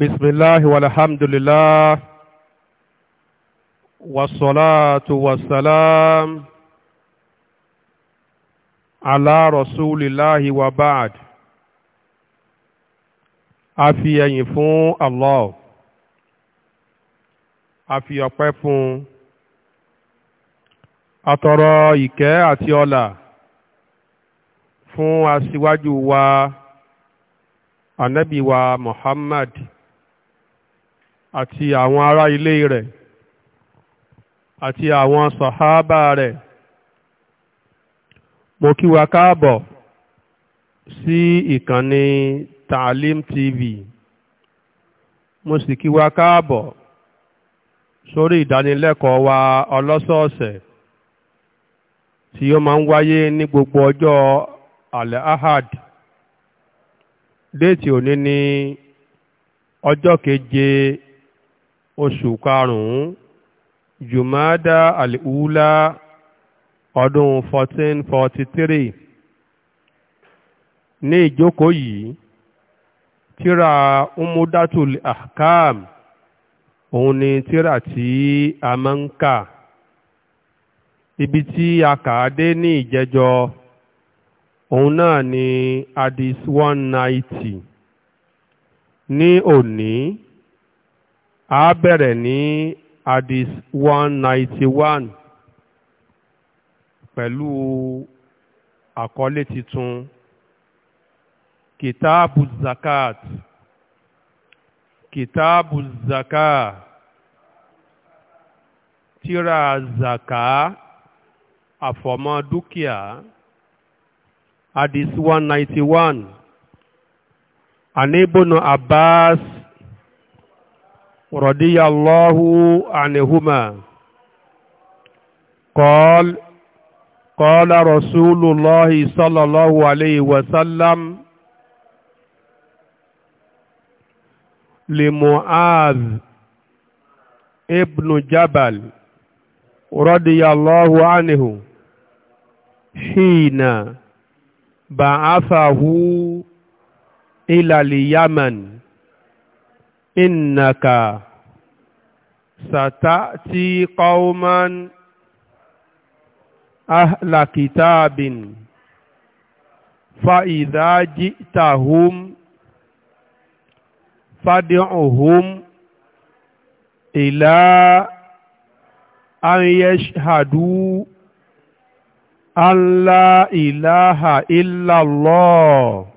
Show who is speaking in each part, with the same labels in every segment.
Speaker 1: بسم الله والحمد لله والصلاة والسلام على رسول الله وبعد afi ẹ̀yìn fún Allah afi ọpẹ́ fún atọrọ ìkẹ́ àti ọlà fún aṣíwájú wa anabi wa Muhammad àti àwọn ará ilé rẹ̀ àti àwọn sàhábà rẹ̀ mo kí wa káàbọ̀ sí ìkànnì Taalim TV mo sì kí wa káàbọ̀ sórí ìdánilẹ́kọ̀ọ́ wa ọlọ́sọ̀ọ̀sẹ̀ tí ó máa ń wáyé ní gbogbo ọjọ́ Al-Ahad déètì òní ní ọjọ́ keje oṣù karùn-ún jùmọ́dá àlìhúlá ọdún 1443 ní ìjókòó yìí tíra umudatul ahkam òun ni tíra tí a máa ń kà ibi tí a kà á dé ní ìjẹjọ òun náà ni hadith 190 ní òní a bẹ̀rẹ̀ ní hadith one ninety one pẹ̀lú àkọlé titun kìtáàbù zakat kìtáàbù zaka tira zaka àfọ̀mọ́ dúkìá hadith one ninety one anibunu abbas. رضي الله عنهما قال قال رسول الله صلى الله عليه وسلم لمعاذ ابن جبل رضي الله عنه حين بعثه إلى اليمن إنك ستأتي قوما أهل كتاب فإذا جئتهم فادعهم إلى أن يشهدوا أن لا إله إلا الله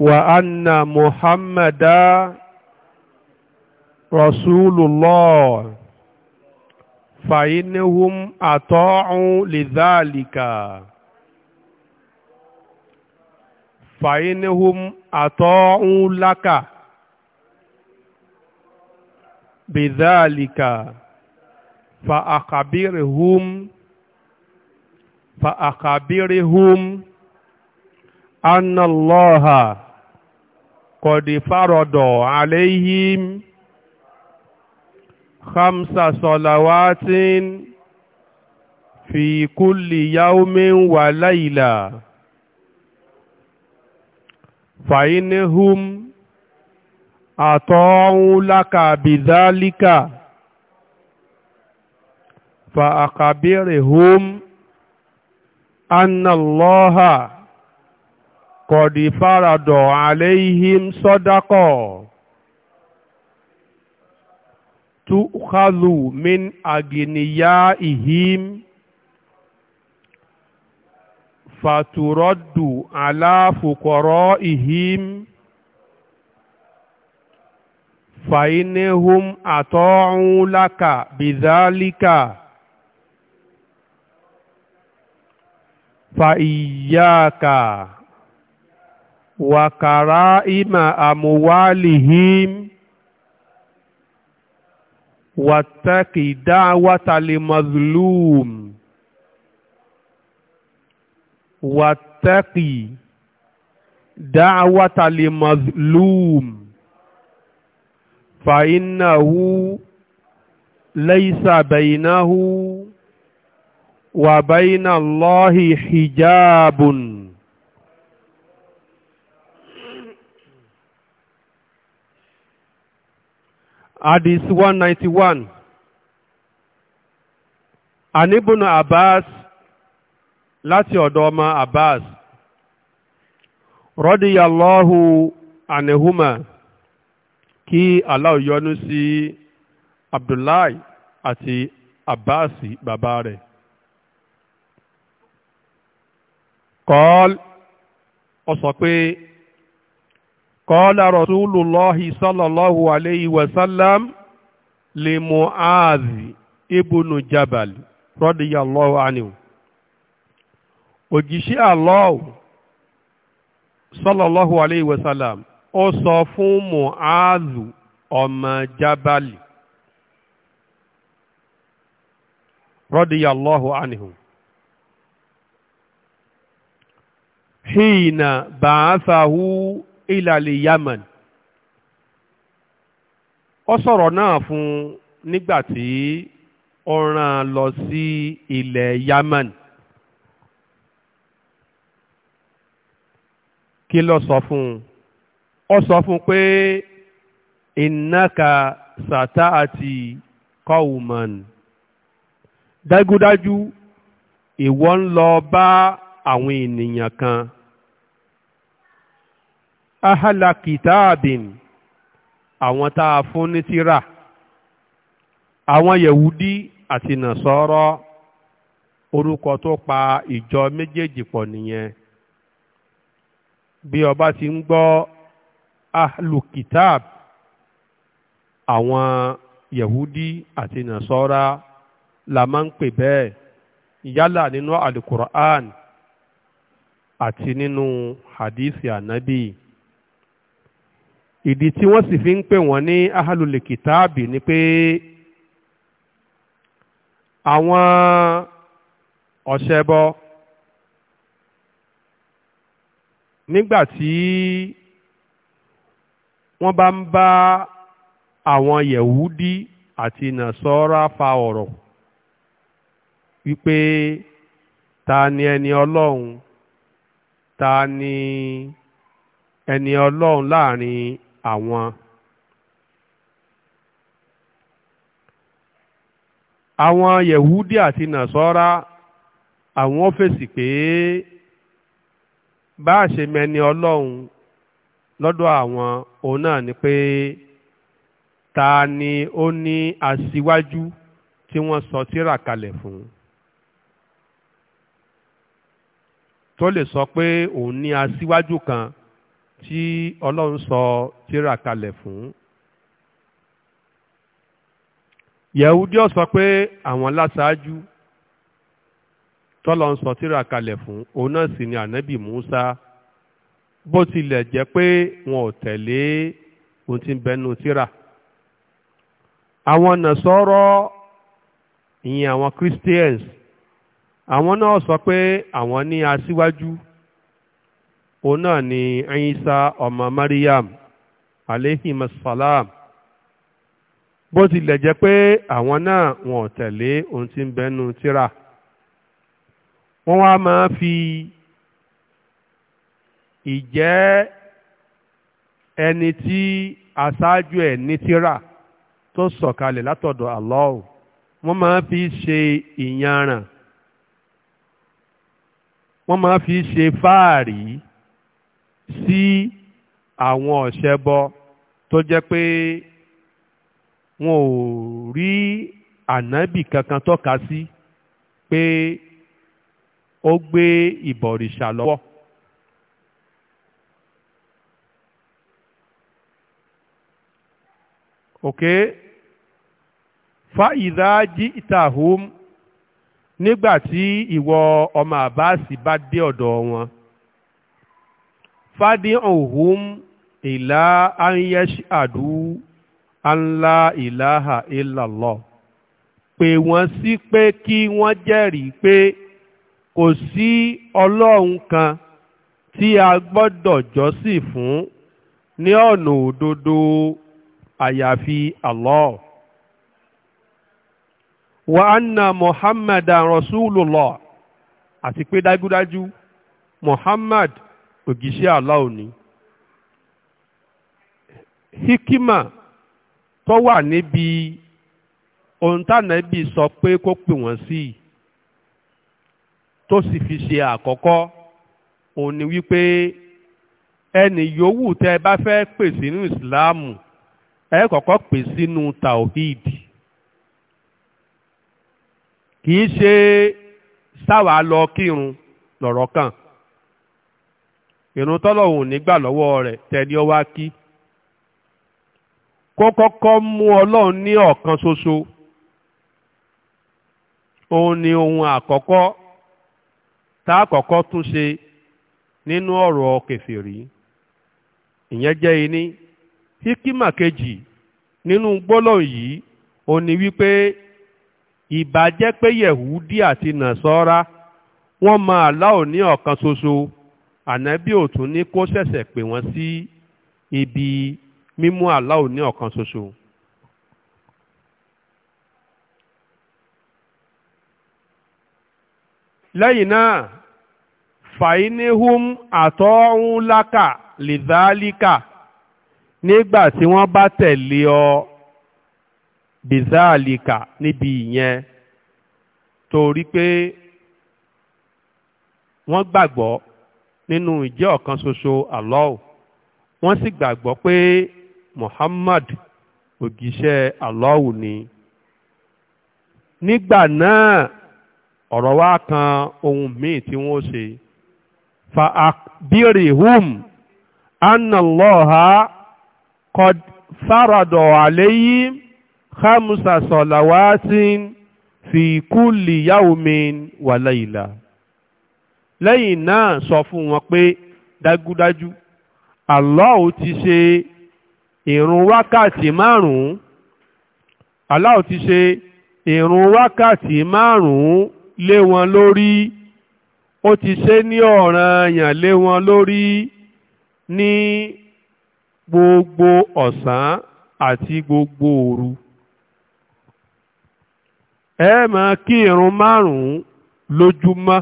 Speaker 1: وأن محمدا رسول الله فإنهم أطاعوا لذلك فإنهم أطاعوا لك بذلك فأخبرهم فأخبرهم أن الله kọ̀dì fárọ̀dọ̀ àléhìm khamsa sọ̀làwátín fi kúlì yáómin wà láìlà fàínihùm àtọ́hún lákàbí dálíkà fa àkàbírìhùm annallaha kọ̀dì fáradọ̀ àléhìm sọ́dákọ̀ túkàlù min àgìníyà ìhìm fàtúrọ́dù aláfùkọ̀rọ̀ ìhìm fàínihùm àtọ́rún lákà bìzálíkà fàíyáka. وكرائم أموالهم واتق دعوة المظلوم واتق دعوة المظلوم فإنه ليس بينه وبين الله حجاب Hadith 191 Anibunu Abbas láti ọ̀dọ̀ ọmọ Abbas Radiyallahu anihuma kí Allah yọ́nú sí Abdullahi àti Abbas bàbá rẹ̀. Kọ́ọ́l ó pé قال رسول الله صلى الله عليه وسلم لمعاذ ابن جبل رضي الله عنه òjíṣẹ́ Allah sallallahu alayhi wa ó sọ fún Mu'adhu ọmọ Jabali radiyallahu anhu ìlàlẹ̀ Yemen ọ sọ̀rọ̀ náà fún nígbà tí ó rán lọ sí ilẹ̀ Yemen kí lọ sọ fún un sọ fún pé ìnáka sàtá àti kọ́ùmọ̀n dájúdájú ìwọ ń lọ bá àwọn ènìyàn kan. ahala kitaabin àwọn tá a fún ní tírà àwọn yẹ̀wúdí àti nàṣọ́rọ́ orúkọ tó pa ìjọ méjèèjì pọ̀ nìyẹn bí ọba ti ń gbọ́ ahlu kitab àwọn yẹ̀wúdí àti nàṣọ́rá la máa ń pè bẹ́ẹ̀ yálà nínú alukur'an àti nínú hadisi ànábì ìdí tí wọ́n sì fi ń pè wọ́n ní ahalul kitaabi ni pé àwọn ọ̀ṣẹbọ nígbà tí wọ́n bá ń bá àwọn yẹ̀wúdí àti nàṣọ́ra fa ọ̀rọ̀ wípé ta ni ẹni ọlọ́run ta ni ẹni ọlọ́run láàrin àwọn. àwọn yẹ̀húdí àti nàṣọ́ra àwọn fèsì pé bá a ṣe mẹni ọlọ́run lọ́dọ̀ àwọn òun náà ni pé ta ni ó ní aṣíwájú tí wọ́n sọ tírà kalẹ̀ fún tó lè sọ pé òun ní aṣíwájú kan tí ọlọ́run sọ tírà kalẹ̀ fún. yẹ̀húdí ó sọ pé àwọn láṣáájú tọ́lọ́ ń sọ tírà kalẹ̀ fún òun náà sì ni ànábì Musa bó tilẹ̀ jẹ́ pé wọn ò tẹ̀lé ohun tí ń bẹnu tírà. àwọn nàṣọ́rọ́ ìyẹn àwọn Christians àwọn náà sọ pé àwọn ní aṣíwájú. Si òun náà ni Isa ọmọ Maryam alehim salam bó tilẹ̀ jẹ́ pé àwọn náà wọn ò tẹ̀lé ohun tí ń bẹnu tíra wọ́n wá máa fi ìjẹ́ ẹni tí aṣáájú ẹ̀ ní tíra tó sọ̀kalẹ̀ látọ̀dọ̀ Allah wọ́n máa fi ṣe ìyanràn wọ́n máa fi ṣe fáàrí sí àwọn ọ̀ṣẹ́bọ tó jẹ́ pé wọn ò rí ànábì kankan tọ́ka sí pé ó gbé ìbọ̀rìṣà lọ́wọ́. okay fa ìdájí ìtàhùn nígbà tí ìwọ ọmọ àbáàsì bá dé ọ̀dọ̀ wọn fádìhùn ìlà ayẹ́ṣì àdú anlá ìlàhà ìlàlọ́ pè wọ́n sí pé kí wọ́n jẹ́rìí pé kò sí ọlọ́run kan tí a gbọ́dọ̀ jọ́sìn fún ní ọ̀nà òdodo àyàfi Allah wa anna muhammadan rasulullah àti pé dájúdájú muhammad ògìṣẹ́ aláwo ni hikima tó wà níbi ohun tánàbí sọ pé kó pè wọ́n sí tó sì fi ṣe àkọ́kọ́ òun ni wípé ẹnì yòówù tẹ́ ẹ bá fẹ́ pè sínú ìsìláàmù ẹ kọ́kọ́ pè sínú tawhid kì í ṣe sáwàá lọ kírun lọ̀rọ̀ kan ìrun tọ́lọ́hùn nígbà lọ́wọ́ rẹ̀ tẹ̀lé ọ wá kí kó kọ́kọ́ mú ọlọ́run ní ọ̀kan ṣoṣo òun ni ohun àkọ́kọ́ tá a kọ́kọ́ tún ṣe nínú ọ̀rọ̀ kèfèrí ìyẹn jẹ́ iní híkímà kejì nínú gbólóhùn yìí ó ní wípé ìbàjẹ́ pé yẹ̀húdí àti nàṣọ́ra wọ́n máa láò ní ọ̀kan ṣoṣo ànábì ò tún ní kó ṣẹ̀ṣẹ̀ pè wọ́n sí ibi mímú Allah ní ọ̀kan ṣoṣo. lẹ́yìn náà fàínihùn àtọ́hún lákà lìdálíkà nígbà tí wọ́n bá tẹ̀lé ọ bìzálíkà níbi ìyẹn torí pé wọ́n gbàgbọ́ nínú ìjẹ́ ọ̀kan ṣoṣo Allah wọ́n sì gbàgbọ́ pé Muhammad ògìṣẹ́ Allah ni nígbà náà ọ̀rọ̀ wá kan ohun míì tí wọ́n ṣe fa akbirihum anna Allaha qad farada alayhim khamsa salawatin fi kulli yawmin wa layla lẹ́yìn náà sọ fún wọn pé dájúdájú Allah ti ṣe ìrun wákàtí márùn-ún Allah ti ṣe ìrun wákàtí márùn-ún lé wọn lórí ó ti ṣe ní ọ̀ranyàn lé wọn lórí ní gbogbo ọ̀sán àti gbogbo òru ẹ máa kí ìrun márùn-ún lójúmọ́.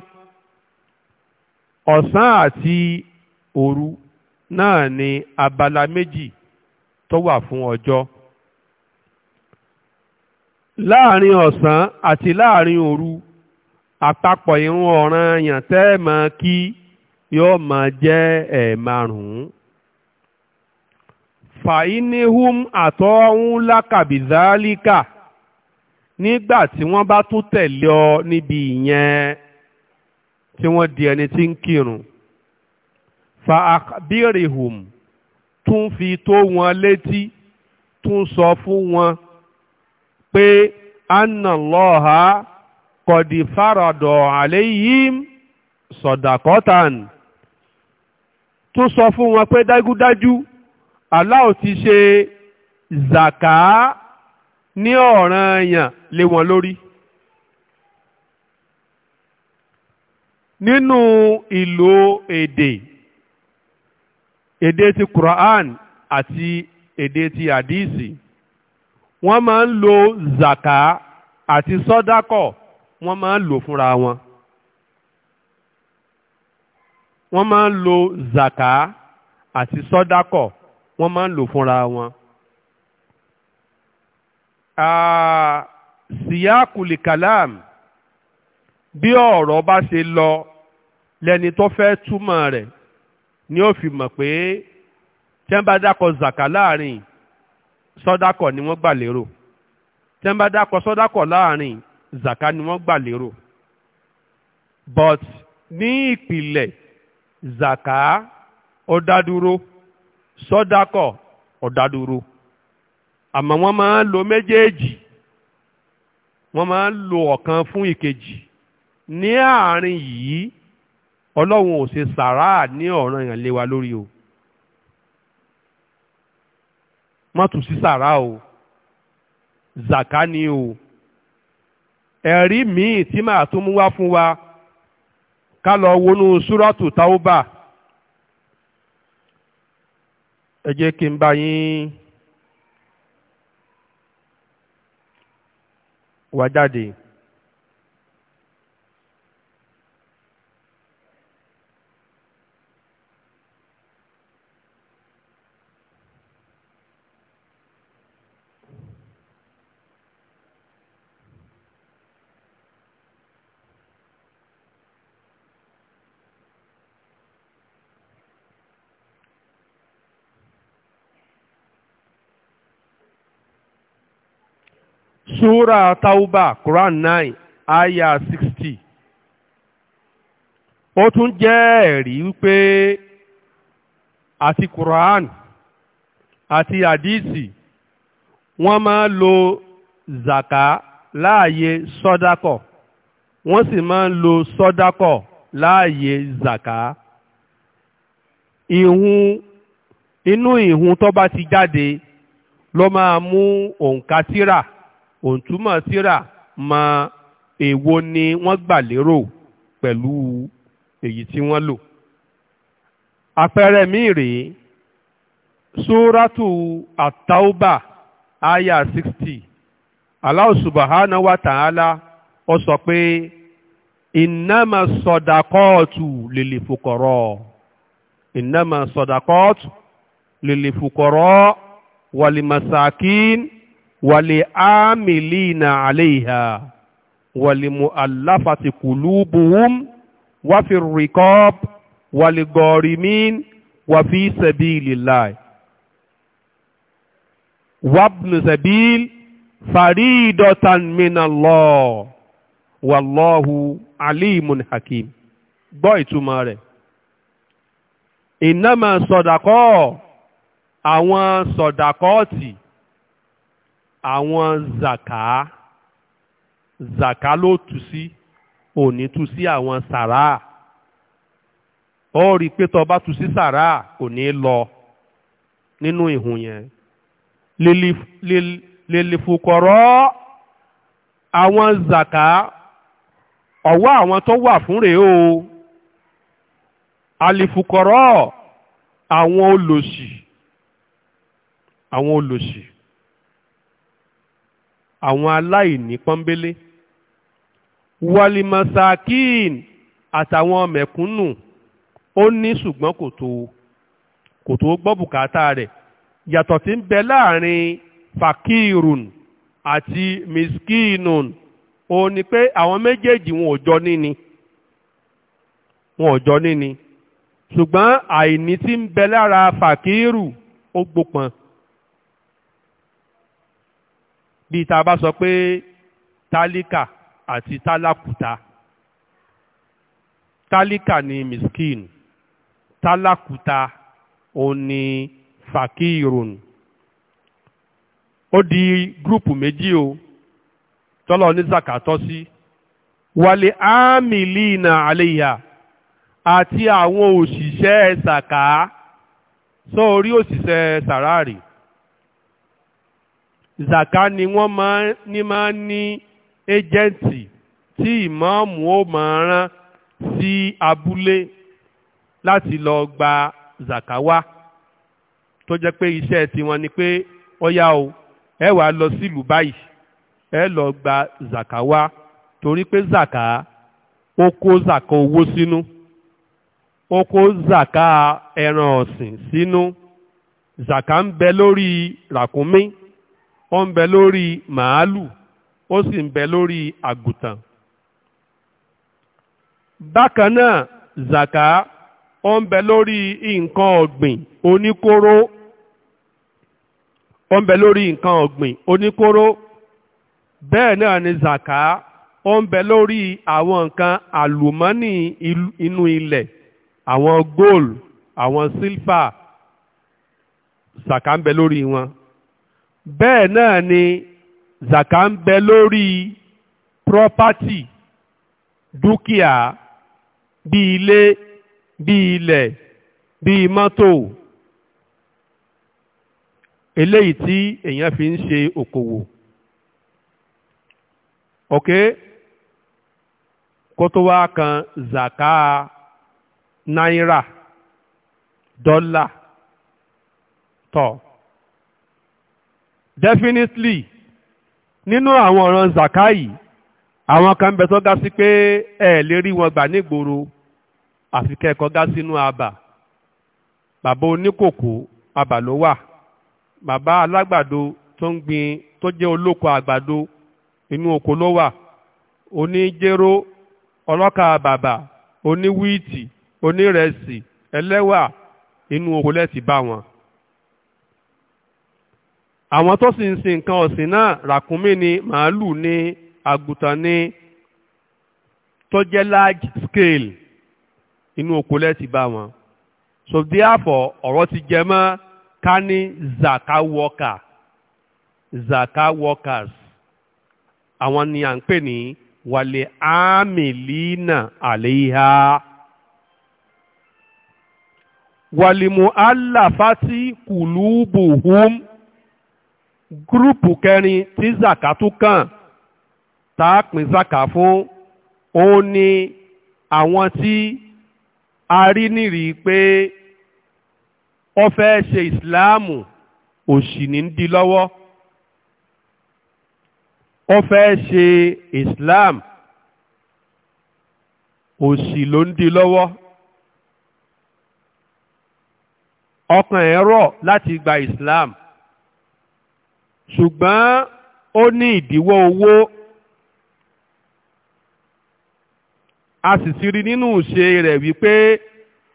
Speaker 1: ọ̀sán àti òru náà ni abala méjì tó wà fún ọjọ́ láàrin ọ̀sán àti láàrin òru àpapọ̀ irun ọ̀ranyàn yàntẹ́ máa kí yóò máa jẹ́ ẹ̀ẹ̀márùn-ún fàínihùm àtọ́hún lákàbìzálíkà nígbà tí wọ́n bá tún tẹ̀lé ọ níbi ìyẹn tí wọ́n di ẹni tí ń kírun fa akbirihum tún fi tó wọn létí tún sọ fún wọn pé annallaha kọ̀dì faradọ̀ àléyìn sọ̀dàkọ́tàn tún sọ fún wọn pé dájúdájú Allah ti ṣe ní ọ̀ranyàn lé wọn lórí. nínú ìlò èdè èdè ti Quran àti èdè ti hadisi wọ́n máa ń lo zaka àti sọ́dákọ̀ wọ́n máa ń lò fúnra wọn wọ́n máa ń lo zaka àti sọ́dákọ̀ wọ́n máa ń lò fúnra wọn. Ah, síyá kùlìkàlám. kalam bí ọ̀rọ̀ bá ṣe lọ lẹni tó fẹ́ túmọ̀ rẹ̀ ni ó fi mọ̀ pé tí wọ́n bá dákọ̀ zàkà láàrin sọ́dákọ̀ ni wọ́n gbà lérò tí wọ́n bá dákọ̀ sọ́dákọ̀ láàrin zàkà ni wọ́n gbà lérò but ní ìpìlẹ̀ zàkà ó dádúró sọ́dákọ̀ ó dádúró àmọ́ wọ́n máa ń lo méjèèjì wọ́n máa ń lo ọ̀kan fún ìkejì ní àárín yìí ọlọ́run ò ṣe sàráà ní ọ̀ràn èèyàn lé wa lórí o má tún sí sàráà o zàká ni o ẹ̀rí míì tí màá tún mú wá fún wa ká lọ wọnú súrọ́tù táúbà ẹ jẹ́ kí n bá yín wá jáde. Sura Tauba Quran 9 Aya 60. Ó tún jẹ́ ẹ̀rí wípé àti Quran àti Hadisi wọ́n máa lo zaka láàyè sọ́dákọ̀ wọ́n sì máa ń lo sọ́dákọ̀ láàyè zaka. Ìhun inú ìhun tó bá ti jáde ló máa mú òǹkà tírà òǹtúmọ̀ tírà mọ èwo ni wọ́n gbà lérò pẹ̀lú èyí tí wọ́n lò. àpẹẹrẹ míì rèé súrátù àtàwùbà àyà sixty Allah subhanahu wa ta'ala ó sọ pé ìnáma sọdakọ́ọ̀tù lèlè fòkọ̀rọ̀ ìnáma sọdakọ́ọ̀tù lèlè fòkọ̀rọ̀ wàlìmọ̀sàkín wàlẹ̀ ámìlínà àléhà wàlẹ̀ mu'allafati kùlúbùhùm wàfi rìkọ́b wàlẹ̀ gọ̀rìmín wàfi sabilillah wàbnu sabil faridatan minallah wàlọ́hu alimun hakim gbọ́ ìtumọ̀ rẹ̀ ìnáma sọ̀dàkọ́ àwọn sọ̀dàkọ́ọ̀tì àwọn zaka zaka ló tù sí òní tù sí àwọn sàrà ó rí i pé tó bá tù sí sàrà kò ní lọ nínú ìhùn yẹn lèlèfòkọ̀rọ̀ àwọn zaka ọ̀wọ́ àwọn tó wà fún rèé o àlèfòkọ̀rọ̀ àwọn olòṣì àwọn olòṣì àwọn aláìní pọ́nbélé walimasakin àtàwọn mẹ̀kúnnù ó ní ṣùgbọ́n kò tó kò tó gbọ́ bùkátà rẹ̀ yàtọ̀ tí ń bẹ láàrin fakirun àti miskinun ó ní pé àwọn méjèèjì wọn ò jọ níni wọn ò jọ níni ṣùgbọ́n àìní tí ń bẹ lára fakiru ó gbópọn bí tá a bá sọ pé tálíkà àti tálákùtà tálíkà ni miskin tálákùtà òun ni fakirun ó di gúrùpù méjì o tọ́lọ̀ ní zakatọ́ sí wàlẹ̀ ámìlínà àléyà àti àwọn òṣìṣẹ́ sàká sọ orí òṣìṣẹ́ sàráàrì zaka ni wọ́n máa ní máa ní ẹ́jẹ̀ǹtì tí ìmáàmù ó máa rán sí abúlé láti lọ gba zaka wá tó jẹ́ pé iṣẹ́ tiwọn ni pé ọ̀yá o ẹ wàá lọ sílùú báyìí ẹ lọ gba zaka wá torí pé zaka ó kó zaka owó sínú ó kó zaka ẹran ọ̀sìn sínú zaka ń bẹ lórí ràkúnmí ó ń bẹ lórí màálù ó sì ń bẹ lórí àgùntàn bákan náà zaka ó ń bẹ lórí nǹkan ọ̀gbìn oníkóró ó ń bẹ lórí nǹkan ọ̀gbìn oníkóró bẹ́ẹ̀ náà ni zaka ó ń bẹ lórí àwọn nǹkan àlùmọ́nì inú ilẹ̀ àwọn gold àwọn silver zaka ń bẹ lórí wọn bẹ́ẹ̀ náà ni zaka ń bẹ lórí property dúkìá bí ilé bí ilẹ̀ bí mọ́tò eléyìí tí èèyàn fi ń ṣe okòwò ok kó tó wá kan zaka náírà dọ́là tọ́ definitely nínú àwọn ọ̀ràn zakai àwọn kan bẹ tó ga sí pé ẹ lè rí wọn gbà nígboro àfi kẹ́kọ̀ọ́ ga sínú abà bàbá oníkòkò abà ló wà bàbá alágbàdo tó ń gbin tó jẹ́ olóko àgbàdo inú oko ló wà oníjéró ọlọ́kà bàbà oníwíìtì onírẹsì ẹlẹ́wà inú oko lẹ́sìn bá wọn àwọn tó sì ń sin nǹkan ọ̀sìn náà ràkúnmí ni màálù ni àgùntàn ni tó jẹ́ large scale inú oko lẹ́ẹ̀tì bá wọn so therefore ọ̀rọ̀ ti jẹ mọ́ ká ní zaka worker zaka workers àwọn ni à ń pè ní wàlẹ̀ amìlínà àléhà wàlìmọ̀ aláfàtì kùlùbùhùm gúrùpù kẹrin tí zaka tún kàn tá a pín zaka fún òun ni àwọn tí a rí nírìí pé ó fẹ́ ṣe ìsìláàmù òṣì ní ń lọ́wọ́ ó fẹ́ ṣe islam òṣì ló ń di lọ́wọ́ ọkàn ẹ̀ rọ̀ láti gba islam ṣùgbọ́n ó ní ìdíwọ́ owó a sì ti rí nínú ìṣe rẹ̀ wípé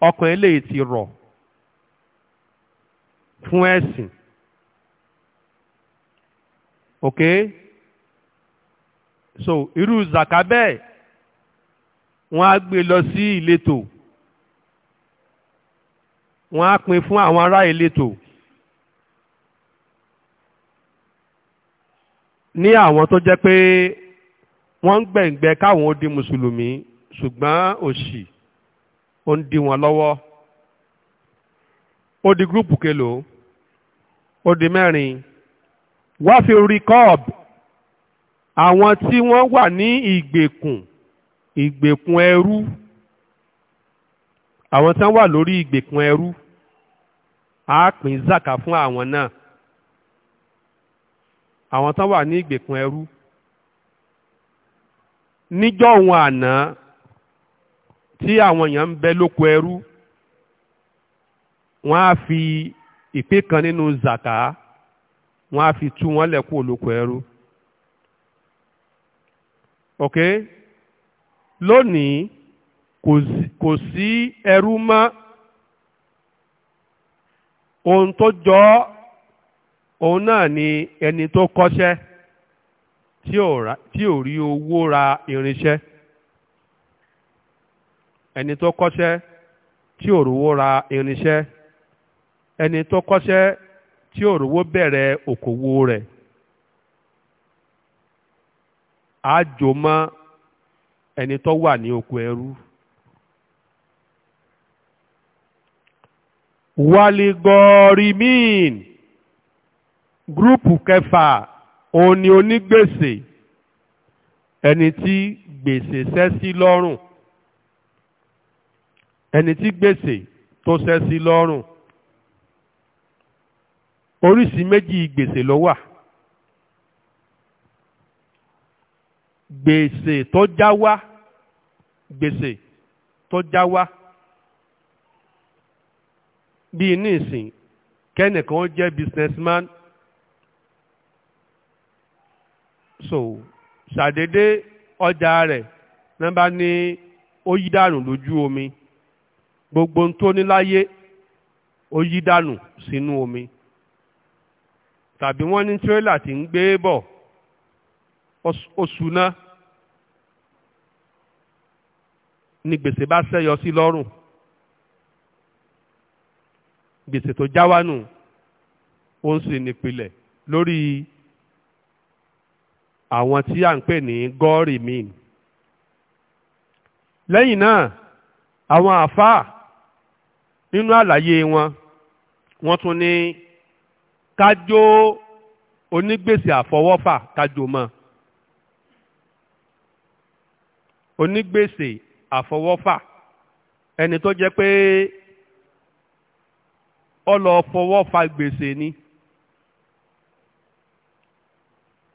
Speaker 1: ọkàn ilé ti rọ̀ fún ẹ̀sìn ok so irú zaka bẹ́ẹ̀ wọ́n á gbé lọ sí ìletò wọ́n á pín fún àwọn ará ìletò. ní àwọn tó jẹ́ pé wọ́n ń gbẹ̀ǹgbẹ́ káwọn ó di mùsùlùmí ṣùgbọ́n òṣì ó ń di wọn lọ́wọ́ ó di gúrúùpù kelo ó di mẹ́rin wá fi rí kọ́ọ̀bù àwọn tí wọ́n wà ní ìgbèkùn ìgbèkùn ẹrú àwọn tí wọ́n wà lórí ìgbèkùn ẹrú a pín zaka fún àwọn náà àwọn tán wà ní ìgbèkùn ẹrú níjọ́ òun àná tí àwọn èèyàn ń bẹ lóko ẹrú wọ́n á fi ìpín kan nínú zàká wọ́n á fi tú wọn lẹ́kùn olóko ẹrú ok lónìí kò sí ẹrú mọ́ ohun tó jọ ọ́ òun náà ni ẹni tó kọ́ṣẹ́ tí ò rí owó ra irinṣẹ́ ẹni tó kọ́ṣẹ́ tí ò rówó ra irinṣẹ́ ẹni tó kọ́ṣẹ́ tí ò rówó bẹ̀rẹ̀ òkòwò rẹ̀ àjò mọ́ ẹni tó wà ní oko ẹrú. wálé gúrúùpù kẹfà òun ni onígbèsè ẹni tí gbèsè ṣẹ́ sí lọ́rùn ẹni tí gbèsè tó ṣẹ́ sí lọ́rùn oríṣi méjì gbèsè ló wà gbèsè tó já wá gbèsè tó já wá bíi ní ìsìn kẹ́nìkan jẹ́ businessman so ṣàdédé ọjà rẹ̀ ní bá ní ó yí dànù lójú omi gbogbo tó ní láyé ó yí dànù sínú omi tàbí wọ́n ní tírélà tí ń gbé bọ̀ ó ṣúná ni gbèsè bá ṣẹ́yọ sí lọ́rùn gbèsè tó jáwánu ó ń sì nípìlẹ̀ lórí àwọn tí à ń pè ní gọ́ọ̀rì míì lẹ́yìn náà àwọn àfáà nínú àlàyé wọn wọ́n tún ní kájó onígbèsè àfọwọ́fà kájó mọ́ onígbèsè àfọwọ́fà ẹni tó jẹ́ pé ó gbèsè ni.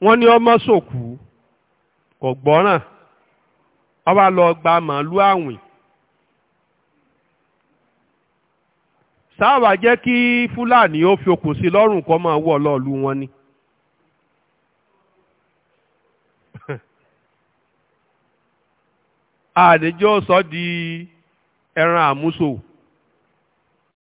Speaker 1: wọ́n ní ọmọ sòkú kò gbọ́ràn ó wá lọ gba màálù àwìn sáàwà jẹ́ kí fúlàní ó fi okùn sí lọ́rùn kó máa wọ̀ lọ́ọ̀lù wọn ni. àdéjọ́ sọ di ẹran àmúso.